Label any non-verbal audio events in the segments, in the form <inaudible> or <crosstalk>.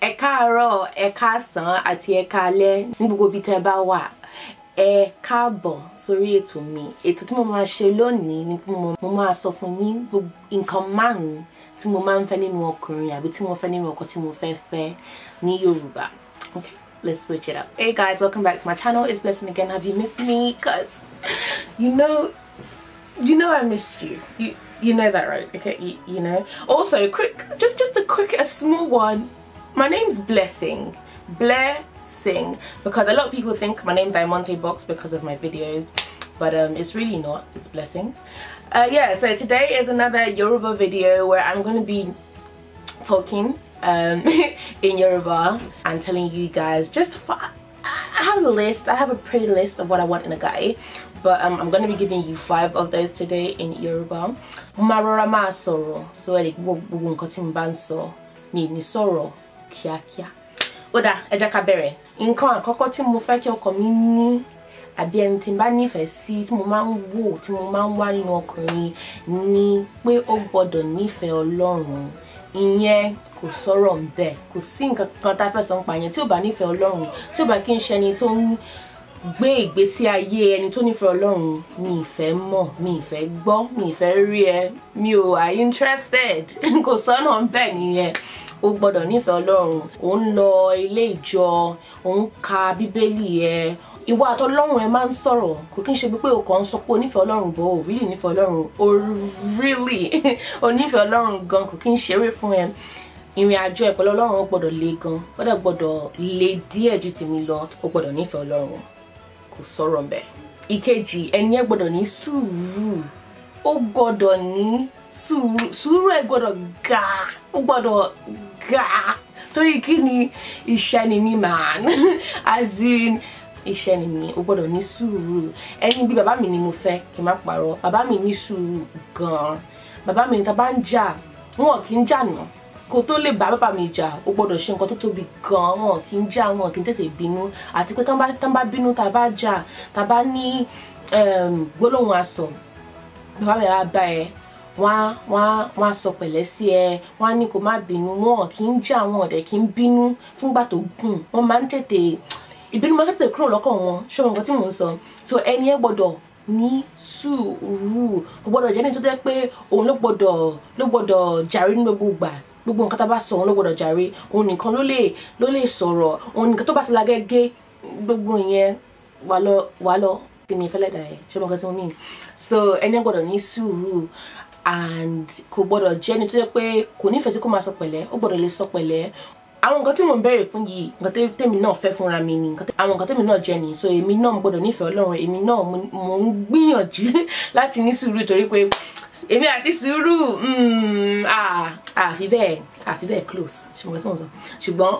ẹ káàárọ̀ ẹ káàsán àti ẹ káalẹ́ ní gbogbo ibi tẹ́ bá ẹ káàbọ̀ sórí ètò mi ètò tí mo máa ṣe lónìí ni pé mo máa sọ fún tí mo máa ń nínú ọkùnrin àbí tí mo fẹ́ nínú ọkọ tí mo fẹ́ fẹ́ ní Yorùbá okay let's switch it up hey guys welcome back to my channel it's blessing again have you missed me cause you know you know I missed you. you you know that right okay you, you know also quick just just a quick a small one my name's Blessing. Blessing. Because a lot of people think my name's Diamante Box because of my videos. But um, it's really not. It's Blessing. Uh, yeah, so today is another Yoruba video where I'm going to be talking um, <laughs> in Yoruba and telling you guys just I have a list, I have a pre-list of what I want in a guy but um, I'm going to be giving you five of those today in Yoruba. Marora ma soro, so like gbogbo nkan tí mi ni sọ̀rọ̀. kíákíá ó dà ẹ jẹ́ ká bẹ̀rẹ̀ nǹkan àkọ́kọ́ tí mo fẹ́ kí ọkọ mi ní àbí ẹni tí n bá nífẹ̀ẹ́ sí tí mo máa ń wò tí mo máa ń wá nínú ọkùnrin ni pé ó gbọ́dọ̀ nífẹ̀ẹ́ ọlọ́run ìyẹn kò sọ̀rọ̀ ń bẹ̀ kò sí nǹkan kan tá a fẹ́ sọ ń pa yẹn tí ò bá nífẹ̀ẹ́ ọlọ́run tí ò bá kí n ṣe ẹni tó ń gbé ìgbésí ayé ẹni tó nífẹ̀ẹ́ ọlọ́run mi ìfẹ́ mọ̀ mi ìfẹ́ gbọ́ mi ìfẹ́ rí ẹ mi ò are interested <laughs> kò sọ́nà ń nìyẹn o gbọ́dọ̀ nífẹ̀ẹ́ ọlọ́run ò ń lọ ilé ìjọ ò ń ka bíbélì ẹ ìwọ àtọlọ́run ẹ máa ń sọ̀rọ̀ kò kí n ṣe pé o kàn ń sọ pé onífẹ̀ẹ́ ọlọ́run bọ̀ o really nífẹ̀ẹ́ ọlọ́run o really <laughs> onífẹ̀ẹ́ ọlọ́run gan kò kí n ṣeré fún ẹ ìrìn àjò ẹ pẹ̀lú ọlọ́run ó gbọ́dọ̀ le gan ó dẹ̀ gbọ́dọ̀ le díẹ̀ ju tèmi lọ ó gbọ́dọ̀ nífẹ̀ẹ́ ọlọ́run kò sọ̀rọ̀ mbẹ́. ìkejì ẹni ẹ gbọ́dọ̀ ní sùúrù ó gbọ́dọ̀ ní sùúrù sùúrù ẹ gbọ́dọ̀ ga ó gbọ́dọ̀ God. Torí kí ni iṣẹ́ ni mi man. <laughs> As in iṣẹ́ ni mi o gbọ́dọ̀ ní sùúrù. Ẹni bí bàbá mi ni mo fẹ́ kí n má parọ́. Bàbá mi ní sùúrù gan-an. Bàbá mi ta bá ń jà wọn kì í jà náà kó tó lè bá bàbá mi jà ó gbọ́dọ̀ ṣe nǹkan tó tóbi gan wọn kì í jà wọn kì í tètè bínú àti pé tán bá bínú tá a bá jà tá a bá ní ehm, gbólóhùn asọ̀ bàbá mi á bá ẹ wọ́n á wọ́n á wọ́n á sọ pẹ̀lẹ́ sí ẹ wọ́n á ní kó má bínú wọn kì í jà wọn ọ̀dẹ̀ kì í bínú fúngbà tó gùn wọ́n máa ń tètè ìbínú máa ń tètè kúrò lọ́kàn wọn ṣé wọn nǹkan tí mò ń sọ so ẹni ẹ gbọ́dọ̀ ní sùúrù kò gbọ́dọ̀ jẹ́ ní tó jẹ́ pé òun ló gbọ́dọ̀ ló gbọ́dọ̀ jàre ní gbogbo ìgbà gbogbo nǹkan tá a bá sọ òun ló gbọ́dọ̀ jàre òun nìkan ló lè ló lè sọ̀rọ̀ òun nìkan tó bá sọ lágẹ́gẹ́ gbogbo ìyẹn wà lọ wà lọ tí mi fẹ́lẹ́ ṣé mo kàn tí mo mí so ẹni gbọ́dọ̀ ní sùúrù and kò gbọ́dọ̀ jẹ́ ẹni tó yẹ pé kò nífẹ̀ẹ́ tí kò máa sọ pẹ̀lẹ́ ó gbọ́dọ̀ lè sọ pẹ̀lẹ́ àwọn nǹkan tí mò ń béèrè fún yìí nǹkan tèmi náà fẹ́ fúnra mi ni àwọn nǹkan tèmi náà jẹ́ ni so èmi náà mo gbọ́dọ̀ nífẹ̀ẹ́ Ọlọ́run èmi náà mo ń gbìyànjú <laughs> láti ní sùúrù torí pé èmi àti sùúrù hmm, àfi bẹ́ẹ̀ àfi bẹ́ẹ̀ close ṣùgbọ́n tí mo sọ ṣùgbọ́n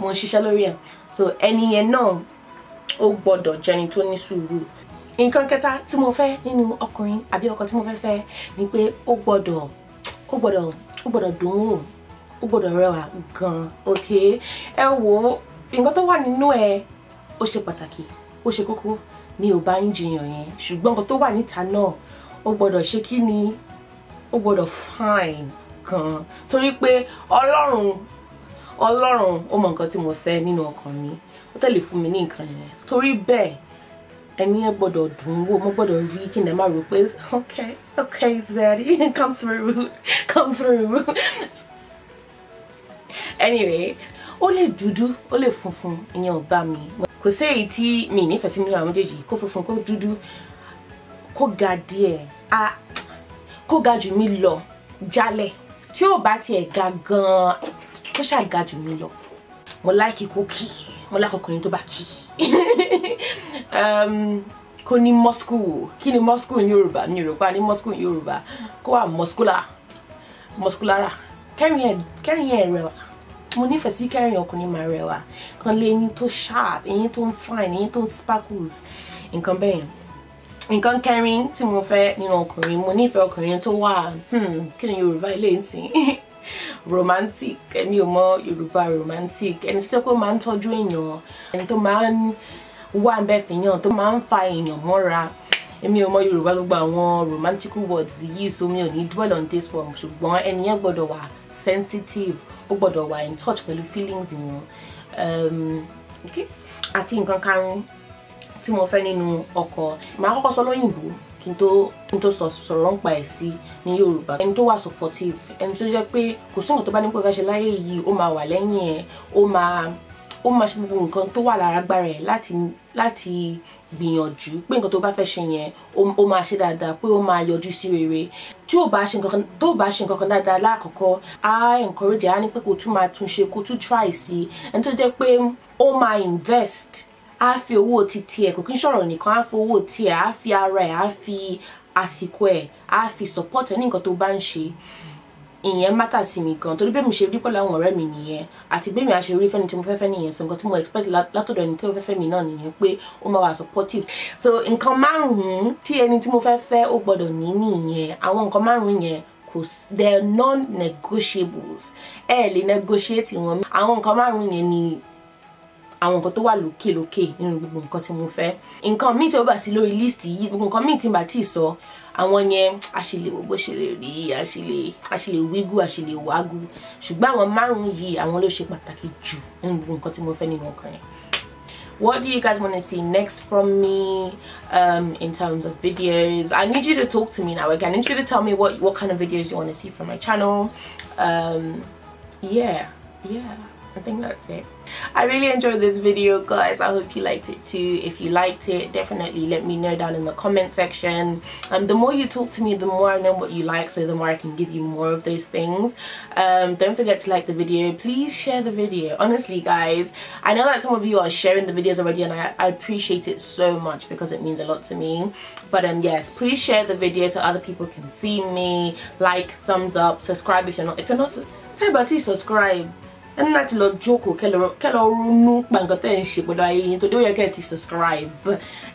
mo ń ṣiṣẹ́ lórí ẹ̀ so ẹni yẹn náà ó gbọ́dọ̀ jẹ́ni tó ní sùúrù nǹkan kẹta tí mo fẹ́ nínú ọkùnrin àbí ọkọ tí mo fẹ́ fẹ́ ni pé ó gbọ́dọ̀ ó gbọ́dọ̀ ó gbọ́dọ̀ dùn wò ó gbọ́dọ̀ rẹwà gan-an ok ẹ wo nǹkan tó wà nínú ẹ ó ṣe pàtàkì ó ṣe kókó mi ò bá ń jiyàn yẹn ṣùgbọ́n nǹkan tó wà níta náà ó gbọ́dọ̀ ṣe kí ni ó gbọ́dọ̀ fine gan-an torí pé ọlọ́run ọlọ́run ó mọ nǹkan tí mo fẹ́ nínú ọkàn mi ó tẹ̀lé fún mi ní nǹkan yẹn torí bẹ́ẹ̀ ẹ̀mí ẹ̀ gbọ́dọ̀ dùn wò mo gbọ́dọ̀ rí kí n ẹ̀ má rò pé okay okay Zeddy <laughs> come through come through anyway ó lè dúdú ó lè funfun ìyẹn ò bá mi kò sí èyí tí mi nífẹ̀ẹ́ sí nínú àwọn méjèèjì kó funfun kó dúdú kó ga díẹ̀ a kó ga jù mí lọ jálẹ̀ tí ó bá tiẹ̀ ga gan-an kó ṣàga jù mí lọ mo láìkí kó kí mo láìkí ọkùnrin tó bá kí <laughs> um, kó ní muscle kí ni muscle ní yorùbá ní yorùbá ní muscle ní yorùbá kó wà muscular musculara kẹrin ẹ rẹwà mo nífẹ̀ẹ́ sí kẹrin ọkùnrin máa rẹwà kan lé eyín tó sharp eyín tó fine eyín tó sparkles nǹkan bẹ́ẹ̀ nǹkan kẹrin tí mo fẹ́ nínú ọkùnrin mo nífẹ̀ẹ́ ọkùnrin tó wà hmm, kí ni yorùbá ilé ìtì <laughs> romantic èmi ò mọ yorùbá romantic ẹni tó jẹ́ pé ó máa ń tọ́jú èèyàn ẹni tó máa ń wà ń bẹ́ fi yàn tó máa ń fa èèyàn mọ́ra èmi ò mọ yorùbá gbogbo àwọn romantic words yìí so mi ò ní dwell on this one ṣùgbọ́n ẹni yẹn gbọ́dọ̀ wà sensitive ó gbọ́dọ̀ wà in touch pẹ̀lú feelings wọn ehm, àti nǹkan karùn-ún tí mo fẹ́ nínú ọkọ màá kọ́kọ́ sọ lóyìnbó kí n tó kí n tó sọ̀rọ̀ ń pa ẹ̀ sí ní Yorùbá ẹni tó wà supportive ẹni tó jẹ́ pé kò sí nǹkan tó bá ní pé ká ṣe láyé yìí ó máa wà lẹ́yìn ẹ̀ ó máa ó máa ṣe gbogbo nǹkan tó wà lára agbára ẹ̀ láti láti gbìyànjú pé nǹkan tó bá fẹ́ ṣe yẹn ó máa ṣe dáadáa pé ó máa yọjú sí rere tí ò bá ṣe nǹkan tó bá ṣe nǹkan dáadáa láàkọ́kọ́ á encourage á ní pé kó tún máa tún ṣe kó tún try sí ẹni tó jẹ́ pé ó máa invest á fi owó titi ẹ̀ kò kí n sọ̀rọ̀ nìkan á fi owó ti ẹ̀ á fi ara ẹ̀ á fi àsìkò ẹ̀ á fi support ẹ̀ ní nǹkan tó bá ń ṣe ìyẹn mátà sí mi gan torí bẹ́ẹ̀ mi ṣe rí pẹ̀lú àwọn ọ̀rẹ́ mi nìyẹn àti bẹ́ẹ̀ mi á ṣe rí fẹ́ni tí mo fẹ́ fẹ́ nìyẹn so nǹkan tí mo expect látọ̀dọ̀ ẹni tí mo fẹ́ fẹ́ mi náà nìyẹn pé ó máa wà supportive so nǹkan márùn-ún tí ẹni tí mo fẹ́ fẹ́ ó gbọ́dọ̀ ní nìyẹn àwọn nǹkan márùn-ún yẹn kò they are non-negotiables ẹ lè negotiate wọn àwọn nǹkan márùn-ún yẹn ni àwọn tó wà lókè lókè nínú gbogbo tí mo fẹ́ tí ó bá sí lórí list gbogbo tí bá tí ì sọ àwọn yẹn a ṣe lè ṣe lè rí a ṣe lè a ṣe lè wígù a ṣe lè ṣùgbọ́n àwọn àwọn ló ṣe pàtàkì jù nínú gbogbo tí mo fẹ́ nínú ọkàn what do you guys want to see next from me um, in terms of videos i need you to talk to me now again i need you to tell me what what kind of videos you want to see from my channel um, yeah yeah I think that's it. I really enjoyed this video guys. I hope you liked it too. If you liked it, definitely let me know down in the comment section. Um, the more you talk to me, the more I know what you like, so the more I can give you more of those things. Um, don't forget to like the video. Please share the video. Honestly guys, I know that some of you are sharing the videos already and I, I appreciate it so much because it means a lot to me. But um, yes, please share the video so other people can see me. Like, thumbs up, subscribe if you're not. If you're not, tell about to subscribe and láti a jókòó kẹ́ lọ ronú pa nǹkan tẹ́ ń ṣe pẹ̀lú ayé yín tó dé ó yẹ kẹ́ ẹ ti subscribe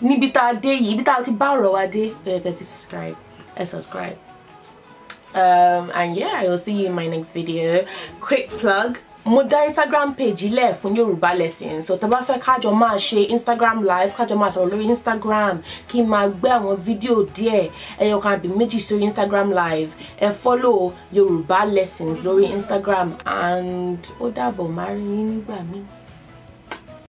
níbi tá a dé yìí ibi tá a ti bá ọ̀rọ̀ subscribe I subscribe um, and yeah I will see you in my next video quick plug mo dá instagram page lẹ̀ fún yorùbá lessons so tó bá fẹ́ kájọ máa ṣe instagram live kájọ máa sọ̀rọ̀ lórí instagram kí n máa gbé àwọn fídíò díẹ̀ ẹyọ kan àbí méjì sórí instagram live ẹ e follow yorùbá lessons lórí instagram and ó dàbọ̀ máa rí yín nígbà míì.